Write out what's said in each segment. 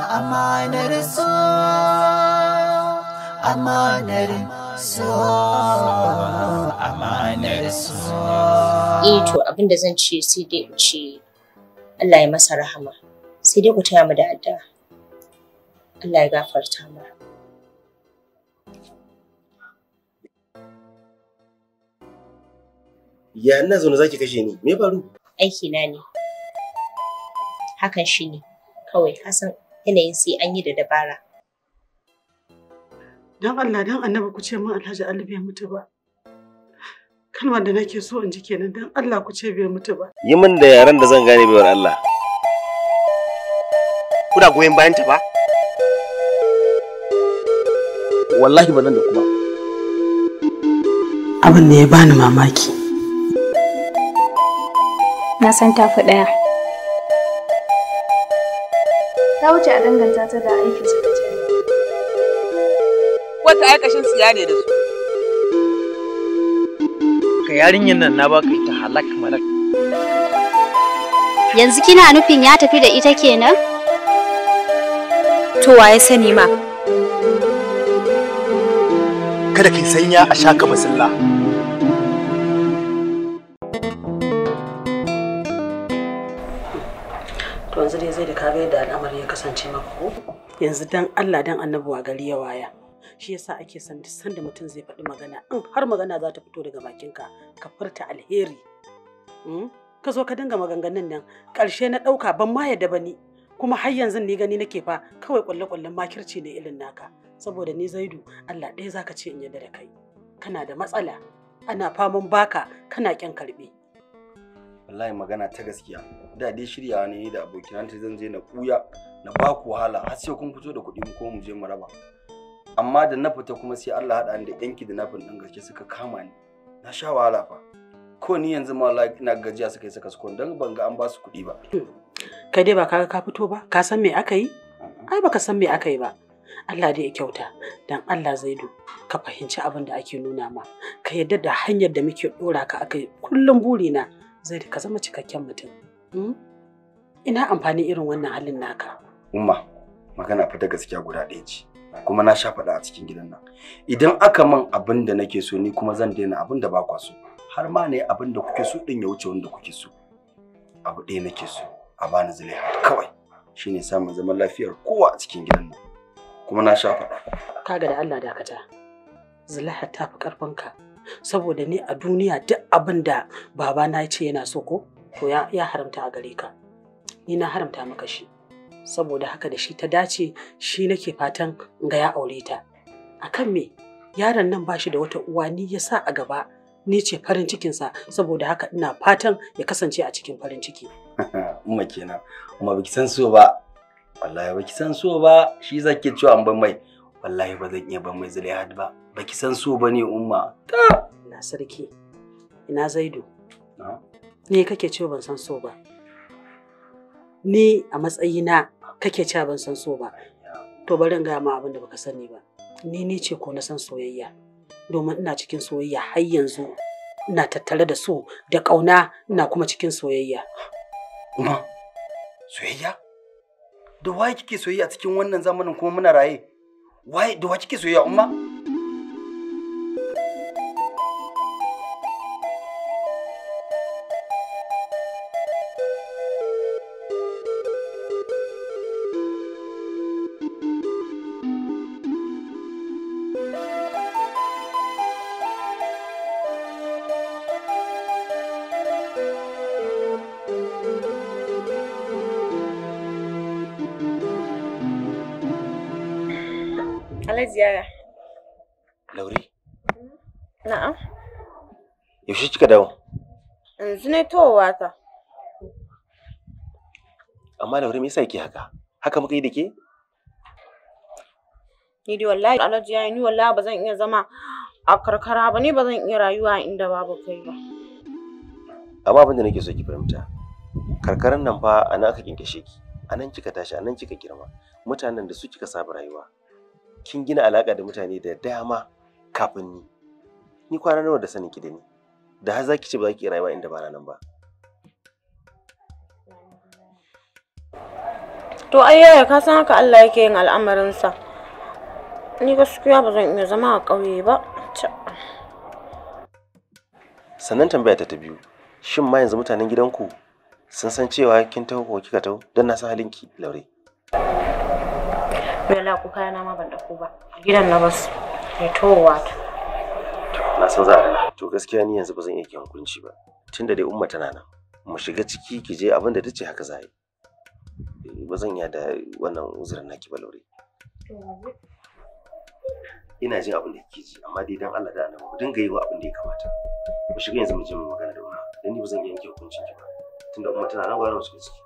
Amanar amanar amanar eh to abin da zan ce sai dai in ce Allah ya masa rahama. Sai dai ku taya mu da adda Allah ya gafarta mu Ya ina zaune zaki kashe ni? Me faru? Aiki na ne. Hakan shi ne. Kawai, Hassan yanayin sai an yi da dabara. Don Allah don annaba ku ce min Alhaji Ali bai mutu ba. Kalma da nake so in ji kenan don Allah ku ce bai mutu ba. Yi min da yaren da zan gane baiwar Allah. Kuna goyon bayan ta ba? Wallahi ba nan da kuma. Abin da ya bani mamaki. Na san tafi ɗaya. ta wuce a danganta ta da aikin sakatare. Wata aikashin siya ne da su. Ka yarinyar nan na baka ita halak malak. Yanzu kina nufin ya tafi da ita kenan? To waye sani ma. Kada ki sanya a shaka masalla. kasance maka ko yanzu dan Allah dan annabuwa gari ya waya shi yasa ake san duk sanda mutum zai faɗi magana in har magana za ta fito daga bakinka ka furta alheri hmm? ka zo ka dinga maganganun nan ƙarshe na ɗauka ban ma yadda bani kuma har yanzu ni gani nake fa kawai ƙwalle-ƙwallen makirci ne irin naka saboda ni zaidu Allah ɗaya zaka ce in yadda da kai kana da matsala ana faman baka kana ƙyan karɓe. wallahi magana ta gaskiya da dai shiryawa ne da abokina ta zan je na kuya na ba ku wahala har sai kun fito da kuɗi ko mu je mu raba amma da na fita kuma sai Allah haɗa da yanki da nafin ɗin gaske suka kama ni na sha wahala fa ko ni yanzu ma ina gajiya suka yi saka suko don ban ga an ba su kuɗi ba kai dai ba ka ka fito ba ka san me aka yi ai baka san me aka yi ba Allah dai ya kyauta dan Allah zai do ka fahimci abin da ake nuna ma ka yadda da hanyar da muke dora ka akai kullum burina zaidu ka zama cikakken mutum hmm? ina amfani irin wannan halin naka umma magana fa gaskiya guda ɗaya ce kuma na sha faɗa a cikin gidan nan idan aka man abin da nake so ni kuma zan daina abin da ba kwa so har ma ne abin da kuke so din ya wuce wanda kuke so abu ɗaya nake so a bani zulaiha kawai shine samun zaman lafiyar kowa a cikin gidan nan kuma na sha faɗa kaga da Allah dakata zulaiha ta fi karfinka saboda ni a duniya duk abin da babana ya ce yana so ko to ya haramta a gare ka ni na haramta maka shi saboda haka da shi ta dace shi nake fatan ga ya aure ta A kan me yaron nan ba shi da wata uwa ni ya sa a gaba ni ce farin cikinsa saboda haka ina fatan ya kasance a cikin farin ciki umma kenan umma baki san so ba wallahi baki san so ba shi zaki cewa an ban mai wallahi ba zan iya ban mai zulaihat ba baki san so ba ne umma Na ina sarki ina zaidu ne kake cewa ban san so ba ni a matsayina kake cewa ban san so ba to bari in gaya ma abin da baka sani ba ni ni ce ko na san soyayya domin ina cikin soyayya har yanzu ina tattare da su da ƙauna ina kuma cikin soyayya kuma soyayya da waye kike soyayya cikin wannan zamanin kuma muna raye waye da waye kike soyayya umma na ziyara. Lauri? Na'am. Yaushe kika dawo? Yanzu ne towa ta. Amma Lauri me yasa yake haka? Haka muka yi da ke? Ni dai wallahi Alhaji yayi ni wallahi ba zan iya zama a karkara ba ni ba zan iya rayuwa inda babu kai ba. Amma abin da nake so ki fahimta. Karkaran nan fa a nan aka kinkashe ki. A nan kika tashi, a nan kika girma. Mutanen da su kika saba rayuwa. kin gina alaƙa da mutane da dama kafin ni ni kwana nawa da sanin ki da ni da har zaki ce ba za rayuwa inda ba nan ba to ai yaya ka san haka Allah yake yin al'amarinsa ni gaskiya ba zan iya zama a ƙauye ba sannan tambaya ta ta biyu shin ma yanzu mutanen gidanku sun san cewa kin taho ko kika taho don na san halinki laure Yalla ku kaya na ma ban dauko ba. Gidan na bas. Mai towa ta. Na san za a To gaskiya ni yanzu ba zan iya ki hukunci ba. Tunda dai umma tana nan. Mu shiga ciki ki je abin da tace haka za eh, Ba zan iya da wannan uzurin naki ba laure. Ina jin abin da kike ji amma dai dan Allah da Allah mu dinga yi wa abin da ya kamata. Mu shiga yanzu mu je mu magana da umma. Dan ni ba zan iya yanke hukuncin ki ba. Tunda umma tana nan ba za mu shiga ciki.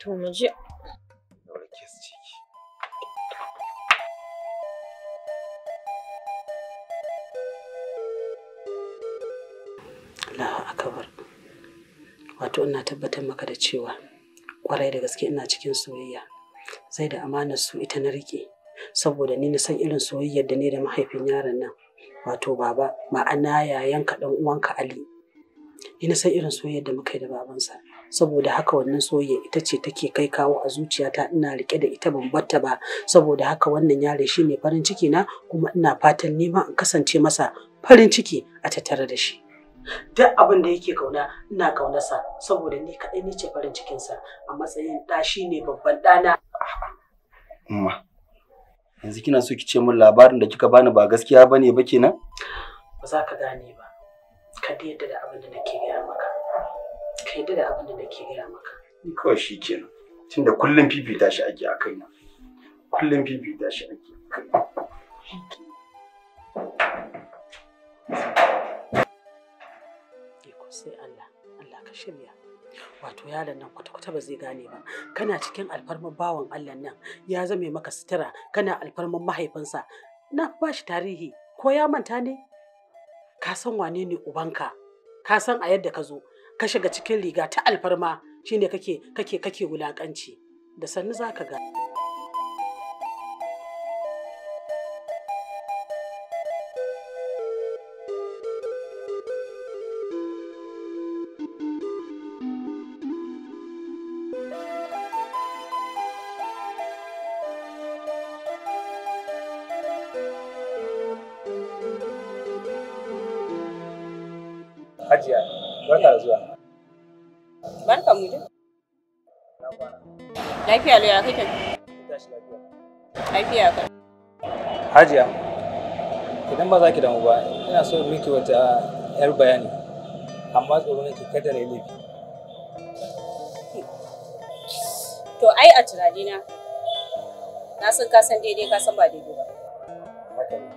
To mu je. kesecek. wato ina tabbatar maka da cewa kwarai da gaske ina cikin soyayya Zai da amanar su ita na rike saboda ni na san irin soyayyar da ne da mahaifin yaron nan wato baba ma'ana yayanka dan uwanka Ali Ina na san irin soyayyar da muka yi da babansa saboda haka wannan soyayya ita ce take kai kawo a zuciyata ina rike da ita ban batta ba saboda haka wannan yare shi ne farin ciki na kuma ina fatan neman in kasance masa farin ciki a tattare da shi duk abin da yake kauna ina kaunarsa saboda ni kaɗai ne ce farin cikinsa a matsayin ɗa shi ne babban ɗana. Amma yanzu kina so ki ce min labarin da kika bani ba gaskiya bane ba kenan? Ba za ka gane ba. ka da yadda da abin da nake gaya maka ka yadda da abin da nake gaya maka ni kawai shi kenan tunda kullum fifita shi ake a kaina kullum fifita shi ake a kaina sai Allah Allah ka shirya wato yaron nan kwata-kwata ba zai gane ba kana cikin alfarmar bawan Allah nan ya zame maka sutura kana alfarmar mahaifinsa na ba shi tarihi ko ya manta ne ka san wane ne ubanka ka san a yadda ka zo ka shiga cikin riga ta alfarma shine kake kake kake wulakanci da sannu zaka ga lafiya lo ya kake? ya ka. Hajiya, idan ba za ki damu ba, ina so miki wata 'yar bayani, amma tsoro nake kada na laifi. To ai a tunanina, na san ka san daidai ka san ba daidai ba. Haka ne.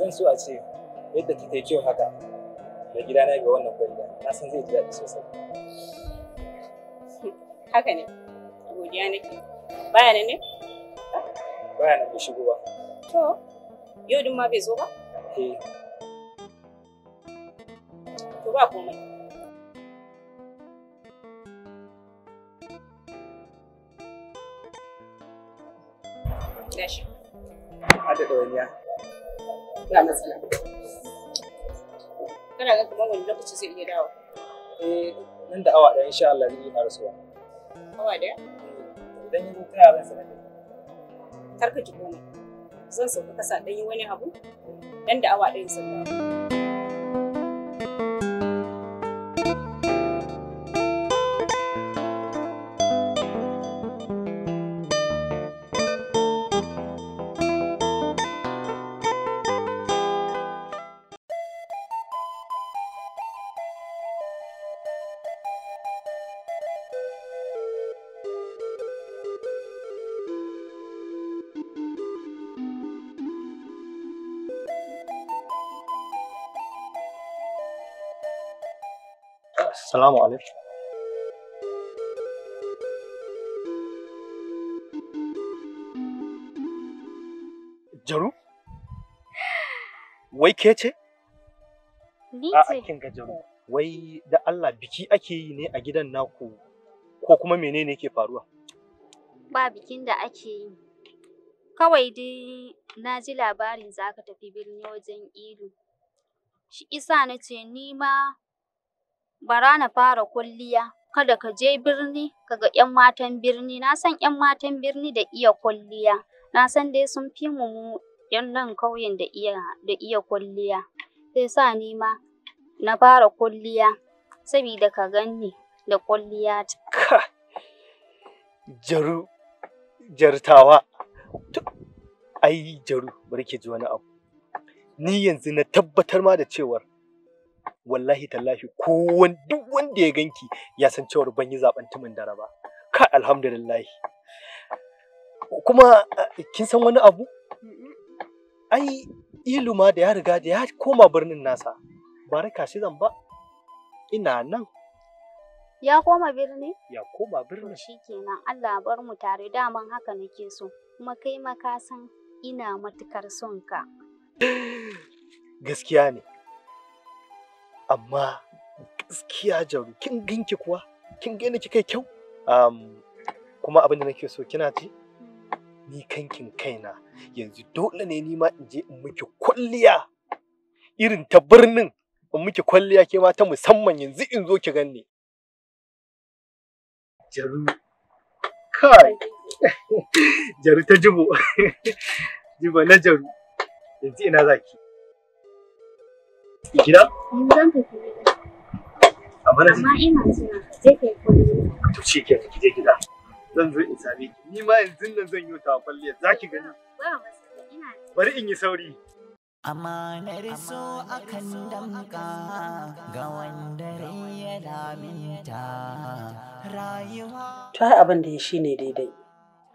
zan so a ce yadda kika yi kyau haka da gidana ga wannan kwalliya, na san zai ji daɗi sosai. Haka ne. godiya nake baya ne ne baya na ku shigo ba to yau din ma bai zo ba eh. to ba komai Dashi. Hada da wani ya. Ba matsala. Kana ga kamar wani lokaci zai iya dawo. Eh, nan da awa ɗaya insha Allah ni yi na rasuwa. Awa ɗaya? dan yi ta yaya zan sanar da karka ki koma zan sauka kasa dan yi wani abu dan da awa ɗaya sun dawo Assalamu alaikum. Jaru? Wai ke ce? Ni ce. Wai da Allah biki ake yi ne a gidan naku ko kuma menene ke faruwa? Ba bikin da ake yi. Kawai dai na ji labarin za ka tafi birni wajen ido. Shi isa na ce ni ma bara na fara kwalliya, kada ka je birni ka ga 'yan matan birni. Na san 'yan matan birni da iya kwalliya, na san dai sun fi mu 'yan nan ƙauyen da iya da iya kwalliya. Sai sa ni ma na fara kwalliya sabida ka gan ni da kwalliyata. Jaru, jartawa, ai Jaru bari ki ji wani abu. Ni yanzu na tabbatar ma da cewar wallahi tallahi ko duk wanda ya ganki ya san cewar ban yi zaben tumin dare ba ka alhamdulillah. kuma eh, kin san wani abu ai iluma da ya riga da ya koma birnin nasa baraka shi zan ba ina nan ya koma birni ya koma birni shikenan Allah bar mu tare daman haka nake so kuma kai ma ka san ina matukar son ka gaskiya ne amma gaskiya jaru kin ganki kuwa kin gani kika kyau um, kuma abin da nake so kina ji ni kankin kaina yanzu dole ne nima in je in miki kwalliya irin ta birnin in miki kwalliya ke ma ta musamman yanzu in zo ki ganni jaru kai jaru ta jibo jibo na jaru yanzu ina zaki Gida? Zan tafi gida. Amma ina suna je ka yi kwalliya. Shi ke gida. Zan zo in same ki. Ni ma yanzu nan zan yi ta kwalliya. Za ki gani. Bari in yi sauri. Amanar so akan damka ga wanda ya laminta rayuwa. Ta abin da ya shi ne daidai,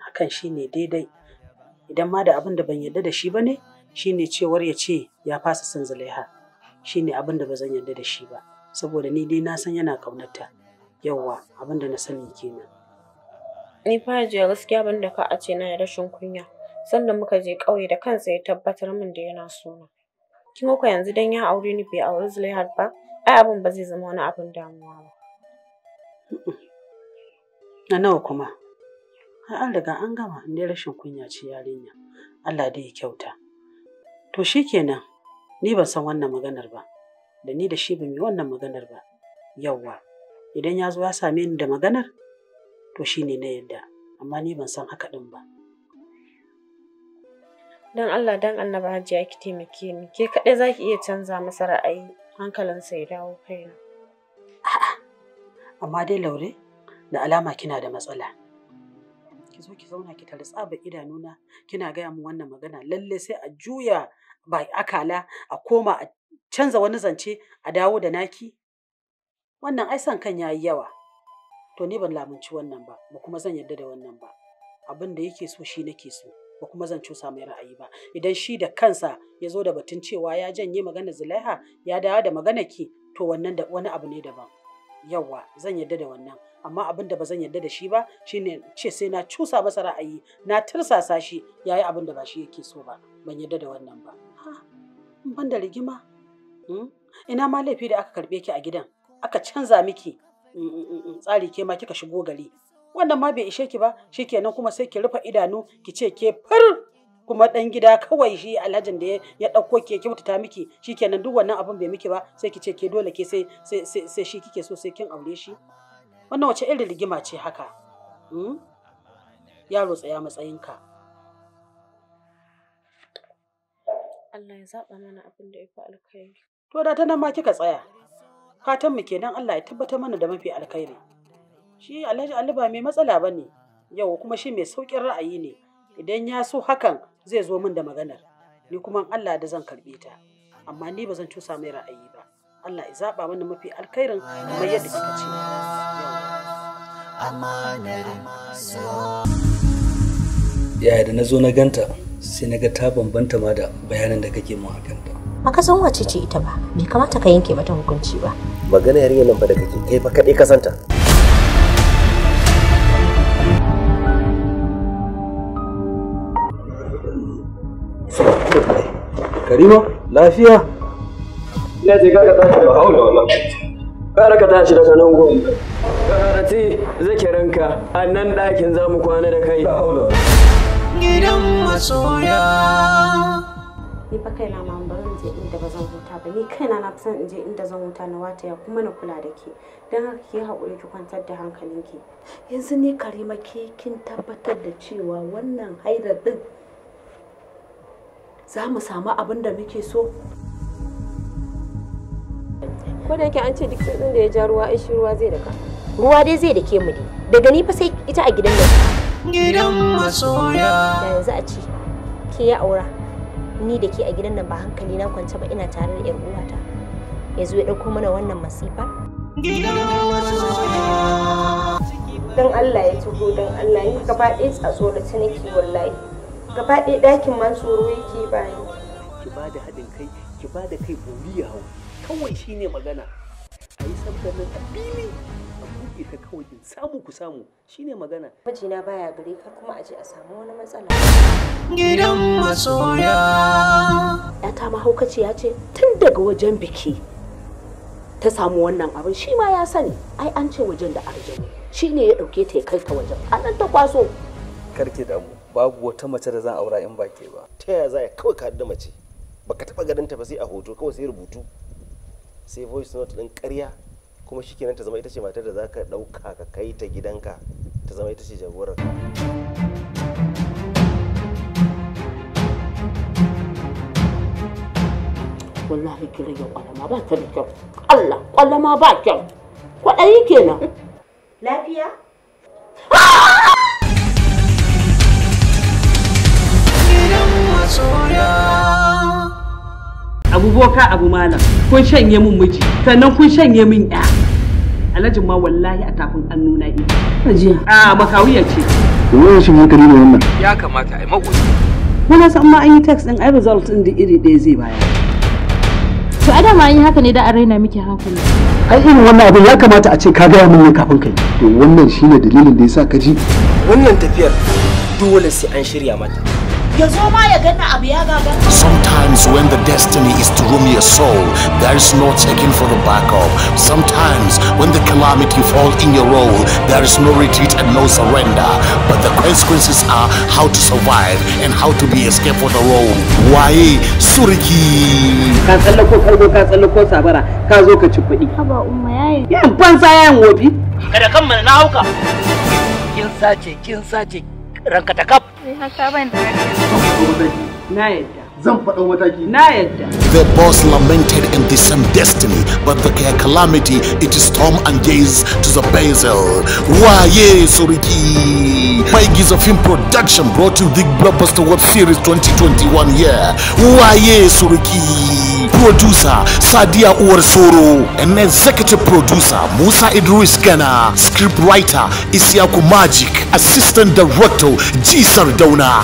hakan shi ne daidai. Idan ma da abin da ban yarda da shi ba ne, shi ne cewar ya ce ya fasa son Zulaiha. Shi ne abin da ba zan yarda da shi ba saboda ni dai na san yana kaunarta yawwa abin da na sani kenan ni fa jiya gaskiya ban da ka a ce na rashin kunya sannan muka je ƙauye da kansa ya tabbatar min da yana so na kin ko yanzu dan ya aure ni bai aure Zulaihat ba ai abin ba zai zama wani abin damuwa ba na nawa kuma an riga an gama ne rashin kunya ce yarinya Allah dai ya kyauta to shikenan Ni ban san wannan maganar ba, da ni da shi ban yi wannan maganar ba. Yawwa, idan ya zo ya same ni da maganar, to shi ne na yadda, amma ni ban san haka ɗin ba. Don Allah don annaba hajiya ki taimake ni, ke kaɗai za ki iya canza masa ra'ayi hankalinsa ya dawo kai A'a, amma dai laure, da alama kina da matsala. ki zo ki zauna ki tarsa tsaba idanuna kina gaya min wannan magana lalle sai a juya ba akala a koma a canza wani zance a dawo da naki wannan ai san kan yayi yawa to ni ban lamunci wannan ba ba kuma zan yarda da wannan ba abin da yake so shi nake so ba kuma zan cusa mai ra'ayi ba idan shi da kansa ya zo da batun cewa ya janye magana zulaiha ya dawo da magana ki to wannan da wani abu ne daban yawa zan yarda da wannan amma abin da ba zan yarda da shi ba shine ce sai na cusa masa ra'ayi na tursasa shi yayi abin da ba shi yake so ba ban yarda da wannan ba ban da rigima hmm? ina ma laifi da aka karbe ki a gidan aka canza miki mm, mm, mm, tsari ke ma kika shigo gari wannan ma bai ishe ki ba shi shikenan kuma sai ki rufe idanu ki ce ke far kuma dan gida kawai shi alhajin da ya dauko ke kyautata miki shi shikenan duk wannan abin bai miki ba sai ki ce ke dole ke sai sai sai shi kike so sai kin aure shi wannan wace irin rigima ce haka hmm? yaro tsaya matsayinka Allah ya zaɓa mana abin da ya fi alkhairi to da ta nan ma kika tsaya fatan mu kenan Allah ya tabbata mana da mafi alkhairi shi Alhaji Ali ba mai matsala bane yau kuma shi mai saukin ra'ayi ne idan ya so hakan zai zo min da maganar ni kuma Allah da zan karbe ta amma ni ba zan cusa mai ra'ayi ba Allah ya zaɓa mana mafi alkhairin kamar yadda kika ce amanar yaya da na zo na ganta sai na ga ta bambanta ma da bayanan da kake mun hakan ta ka san wace ce ita ba bai kamata ka yanke mata hukunci ba magana yarinya nan ba da kake kai fa kadai ka santa Karima, lafiya? Ina je ga ka tashi da haula wallahi. Ka raka tashi daga nan gobe. Karati zakiranka a nan ɗakin za mu kwana da kai. Gidan masoya. Ni fa kaina ma ba zan je inda ba zan huta ba ni kaina na fi son in je inda zan huta na wata ya kuma na kula da ke don haka ke haƙuri ki kwantar da ki Yanzu ni Karima ke kin tabbatar da cewa wannan haidar din za mu samu abin da muke so. ko da yake an ce duk tsuntsun da ya ja ruwa shi ruwa zai daka ruwa dai zai da ke mu ne daga ni fa sai ita a gidan nan gidan masoya yanzu a ce ke ya aura ni da ke a gidan nan ba hankali na kwance ba ina tare da 'yar uwata yanzu ya dauko mana wannan masifa gidan masoya don Allah ya tuho dan Allah ni gaba ɗaya tsatso da ciniki wallahi gaba ɗaya dakin man tsoro yake bani ki ba da haɗin kai ki ba da kai buri ya hau kawai shine magana a yi sabgar nan a buge ka kawai in samu ku samu shine magana mijina baya gare kar kuma a je a samu wani matsala gidan masoya yata mahaukaci ya ce tun daga wajen biki ta samu wannan abin shi ma ya sani ai an ce wajen da arjini shine ne ya ɗauke ta ya kai ta wajen a nan ta kwaso karki damu babu wata mace da zan aura in ba ke ba ta ya za ya kawai ka da mace baka taɓa garin ta ba sai a hoto kawai sai rubutu sai voice note ɗin ƙarya kuma shikenan ta zama ita ce matar da za ka ɗauka ka kai ta gidanka ta zama ita ce jagorar wallahi ki rage kwalama ba ta da kyau Allah kwalama ba kyau kwaɗayi kenan lafiya yeah. abu boka abu malam kun shanye min miji sannan kun shanye min ya Alhaji ma wallahi a tafin an nuna yi ajiya a makawiyar ce wani shin hankali ne wannan ya kamata a yi magoji muna san ma an yi text din ai result din da iri ɗaya zai bayar to a dama an yi haka ne da an raina miki hankali ai irin wannan abin ya kamata a ce ka gaya min ne kafin kai to wannan shine dalilin da yasa ka ji wannan tafiyar dole sai an shirya mata Sometimes when the destiny is to ruin your soul, there is no taking for the back of. Sometimes when the calamity falls in your role, there is no retreat and no surrender. But the consequences are how to survive and how to be escaped for the role. Waye suriki. Ka tsallako kargo ka tsallako sabara ka zo ka ci kuɗi. Haba umma wobi. kan mana na hauka. Kin sace kin sace ranka ta kaf. Na yadda. the boss lamented in the same destiny but the calamity it is storm and gaze to the basil waye suriki by gizo film production brought you the blockbuster world series 2021 year waye suriki producer Sadia Uwarsoro and executive producer Musa Idris Script scriptwriter Isiaku Magic, assistant director G Sardona,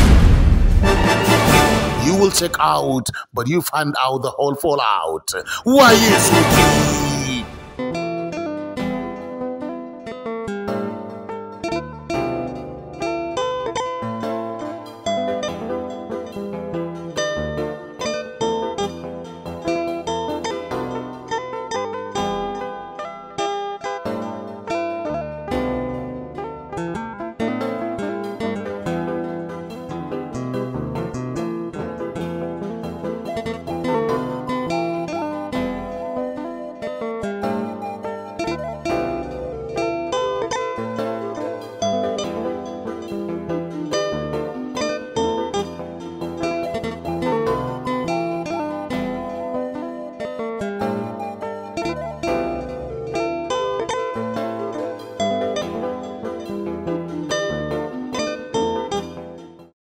will check out, but you find out the whole fallout. Why is it?